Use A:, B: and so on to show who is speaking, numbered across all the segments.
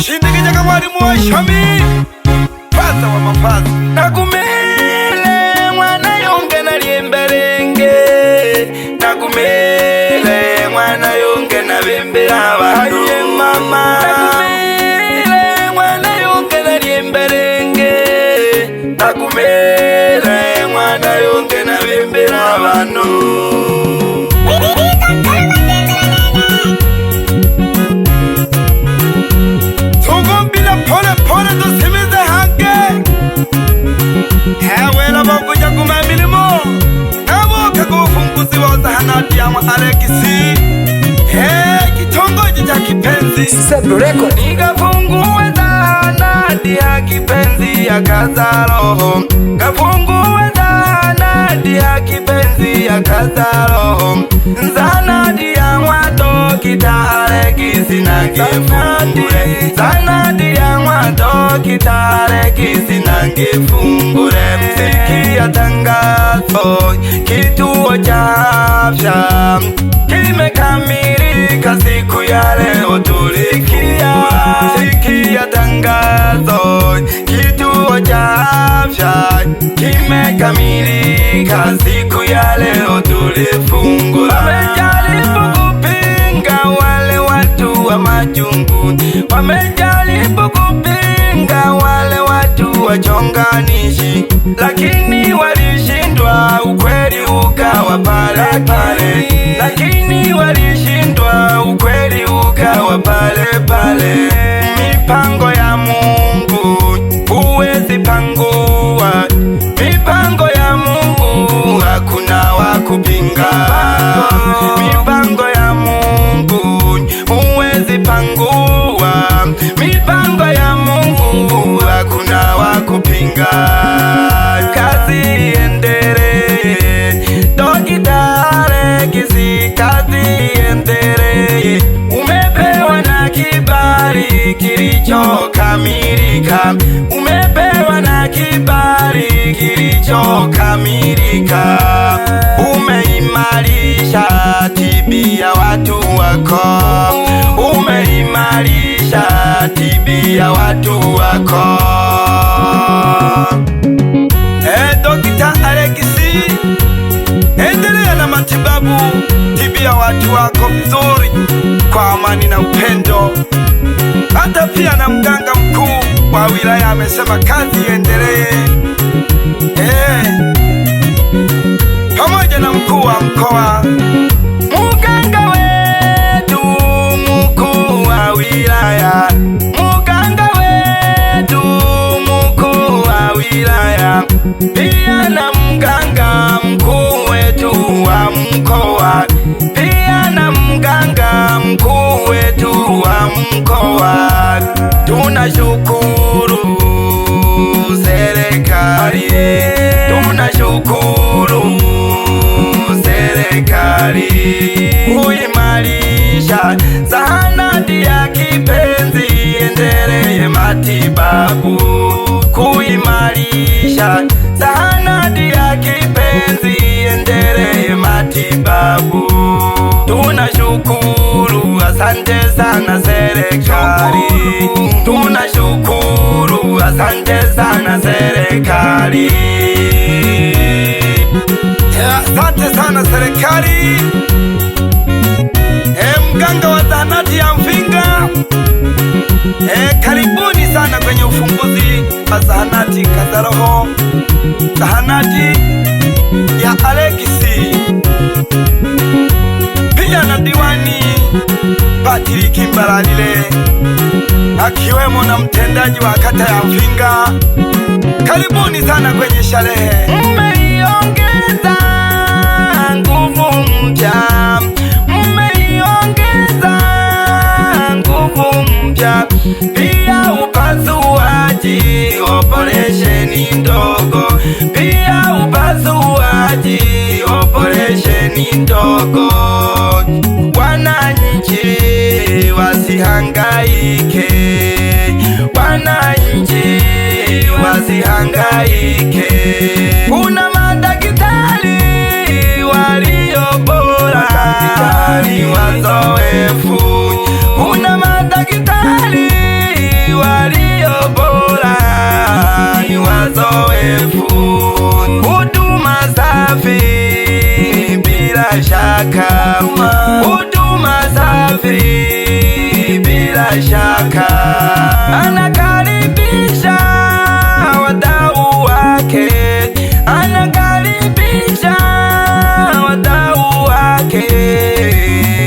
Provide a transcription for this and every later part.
A: zvindikinya kamwari muwashami pfaza wamapfaza
B: nakumele mwana yonge naliemberenge nakumele mwana yonge navemberava mama Mwana yonke navembera vanhu. Nikafungue zahanati ya kipenzi ya kaza roho, Nikafungue zahanati ya kipenzi ya kaza roho kisina kifungure sanadi ya mwato kitare kisina kifungure msiki ya tangazo kituo cha afya kimekamilika siku ya leo tulikia siki ya tangazo kituo cha afya kimekamilika siku ya leo tulifungura machungu. Wamejaribu kupinga wale watu wachonganishi, lakini walishindwa, ukweli ukawa pale pale, lakini walishindwa, ukweli ukawa pale pale. watu wako.
A: Hey, eh, Dokita Alexi, endelea na matibabu, tibia watu wako vizuri kwa amani na upendo. Hata pia na mganga mkuu wa wilaya amesema kazi iendelee, hey, eh, pamoja na mkuu wa mkoa
B: matibabu. Tunashukuru, asante sana serikali. Tunashukuru, asante sana serikali.
A: Asante sana serikali. E, mganga wa zahanati ya Mfinga. E, karibuni sana kwenye ufunguzi wa zahanati Kazaroho, zahanati ya Alex Patriki Balalile akiwemo na mtendaji wa kata ya Mfinga. Karibuni sana kwenye sherehe.
B: Mmeiongeza nguvu mpya, mmeiongeza nguvu mpya, pia upasuaji operesheni ndogo, pia upasuaji operesheni ndogo wanani wasihangaike, wananchi wasihangaike. Kuna madaktari walio bora, ni wazoefu. Kuna madaktari walio bora, ni wazoefu. Huduma safi bila shaka, huduma safi bila shaka anakaribisha wadau wake, anakaribisha wadau wake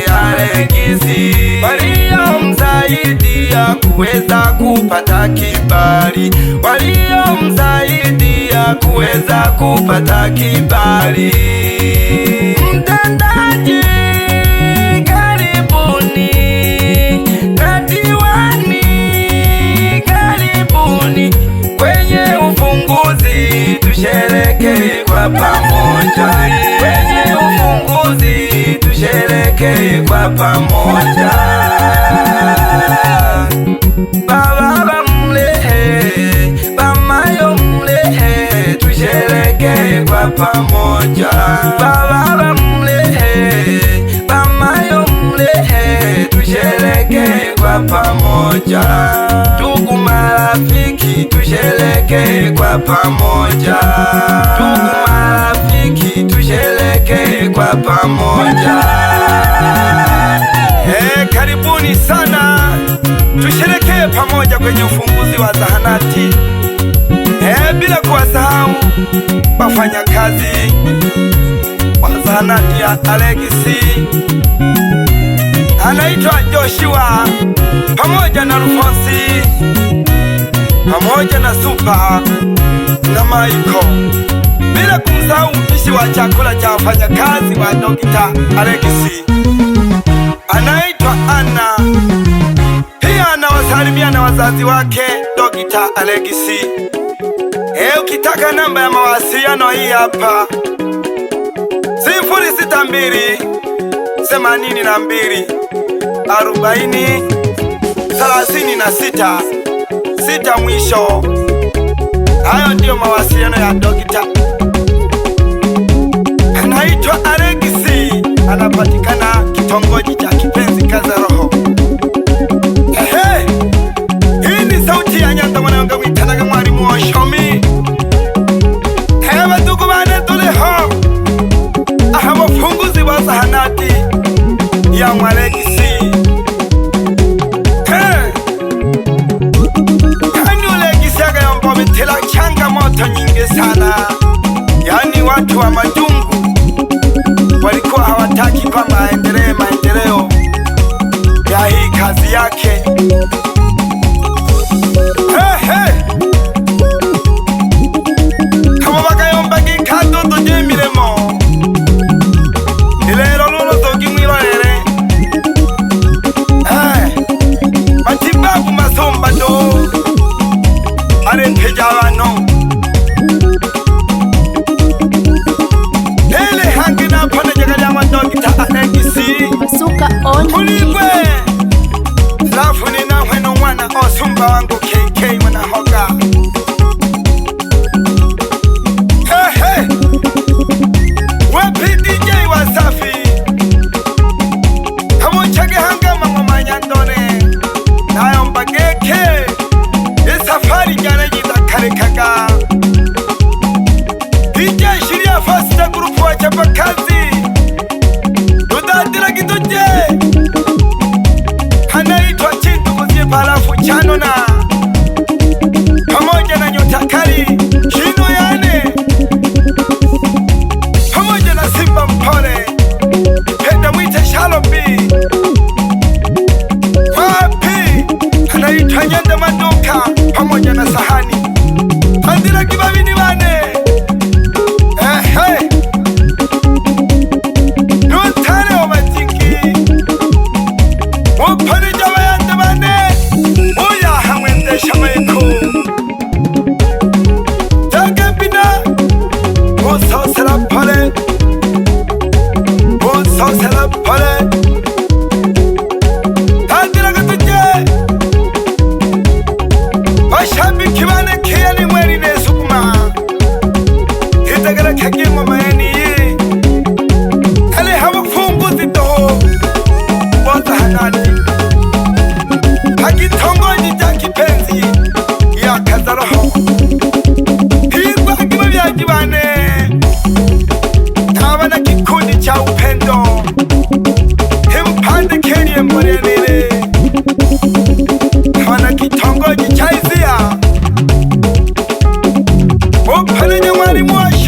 B: Alekisi waliomsaidia kuweza kupata kibali, waliomsaidia kuweza kupata kibali mtendaji tusherekee kwa pamoja, kwenye ufunguzi tusherekee kwa pamoja. Baba bamlehe, bamayo mlehe, tusherekee kwa pamoja. Baba bamlehe tushereke kwa pamoja, ndugu marafiki, tushereke kwa pamoja, ndugu marafiki, tushereke kwa pamoja.
A: Hey, karibuni sana tusherekee pamoja kwenye ufunguzi wa zahanati hey, bila kuwasahau wafanyakazi wa zahanati ya Alegisi anaitwa Joshua pamoja na rufosi pamoja na Supa na Maiko, bila kumsahau mpishi wa chakula cha wafanyakazi wa Dokita Alexi anaitwa Ana. Pia anawasalimia na wazazi wake Dokita Alexi. E, eh, ukitaka namba ya mawasiliano hii hapa sifuri sita mbili themanini na mbili arobaini thelathini na sita sita mwisho. Hayo ndiyo mawasiliano ya dokita Anaitwa Alegisi, anapatikana kitongoji wa majungu walikuwa hawataki kwamba aendelee maendeleo ya hii kazi yake. Jamaica.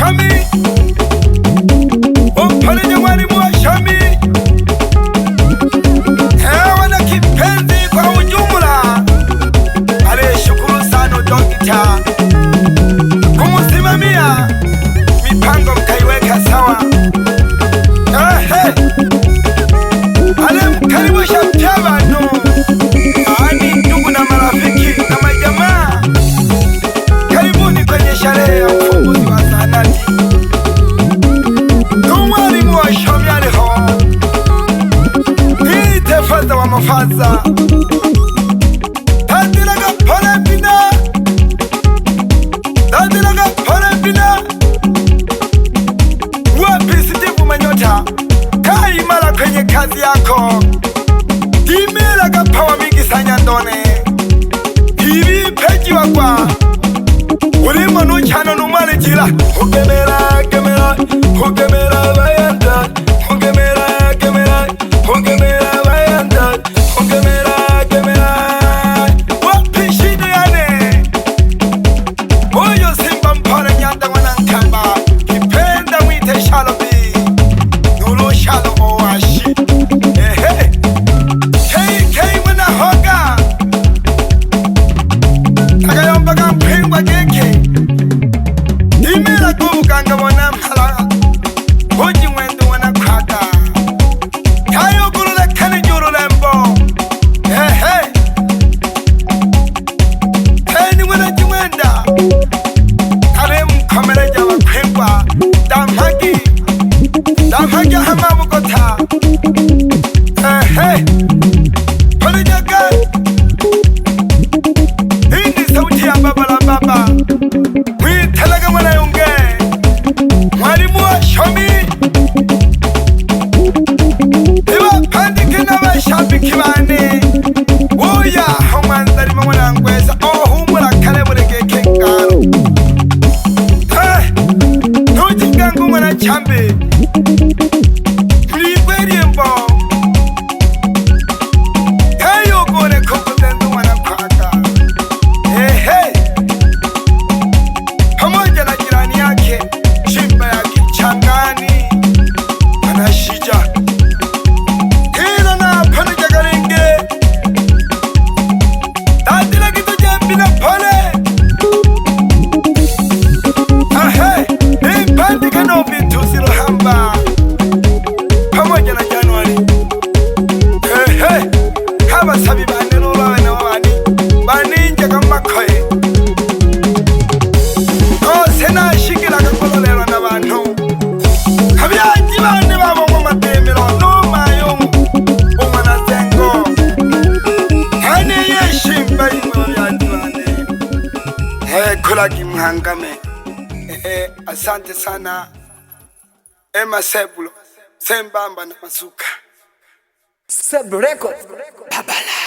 A: coming. Mahangame. Eh, asante sana Emma Seblo, Sembamba na Mazuka.
C: Seblo Records. Babala.